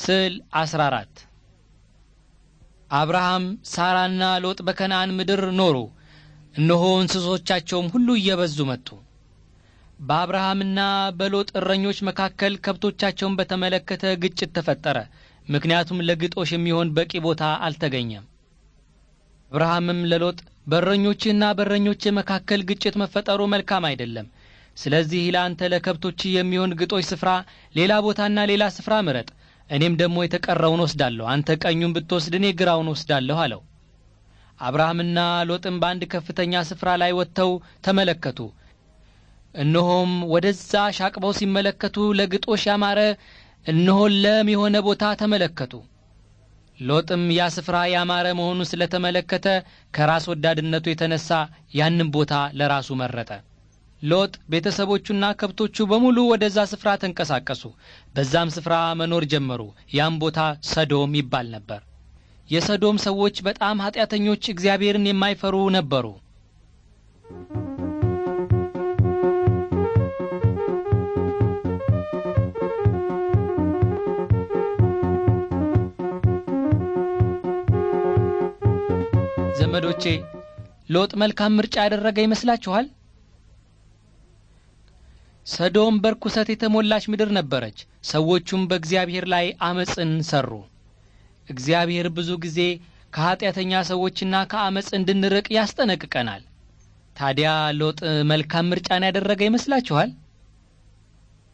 ስዕል 14 አብርሃም ሳራና ሎጥ በከነአን ምድር ኖሩ። እነሆ እንስሶቻቸውም ሁሉ እየበዙ መጡ። በአብርሃምና በሎጥ እረኞች መካከል ከብቶቻቸውን በተመለከተ ግጭት ተፈጠረ። ምክንያቱም ለግጦሽ የሚሆን በቂ ቦታ አልተገኘም። አብርሃምም ለሎጥ በረኞችህና በረኞች መካከል ግጭት መፈጠሩ መልካም አይደለም። ስለዚህ ለአንተ ለከብቶች የሚሆን ግጦሽ ስፍራ ሌላ ቦታና ሌላ ስፍራ ምረጥ እኔም ደግሞ የተቀረውን ወስዳለሁ፣ አንተ ቀኙን ብትወስድ እኔ ግራውን ወስዳለሁ አለው። አብርሃምና ሎጥም በአንድ ከፍተኛ ስፍራ ላይ ወጥተው ተመለከቱ። እነሆም ወደዛ ሻቅበው ሲመለከቱ ለግጦሽ ያማረ እነሆ ለም የሆነ ቦታ ተመለከቱ። ሎጥም ያ ስፍራ ያማረ መሆኑን ስለተመለከተ ከራስ ወዳድነቱ የተነሳ ያንን ቦታ ለራሱ መረጠ። ሎጥ ቤተሰቦቹና ከብቶቹ በሙሉ ወደዛ ስፍራ ተንቀሳቀሱ። በዛም ስፍራ መኖር ጀመሩ። ያም ቦታ ሰዶም ይባል ነበር። የሰዶም ሰዎች በጣም ኃጢአተኞች፣ እግዚአብሔርን የማይፈሩ ነበሩ። ዘመዶቼ ሎጥ መልካም ምርጫ ያደረገ ይመስላችኋል? ሰዶም በርኩሰት የተሞላች ምድር ነበረች። ሰዎቹም በእግዚአብሔር ላይ አመፅን ሰሩ። እግዚአብሔር ብዙ ጊዜ ከኀጢአተኛ ሰዎችና ከአመፅ እንድንርቅ ያስጠነቅቀናል። ታዲያ ሎጥ መልካም ምርጫን ያደረገ ይመስላችኋል?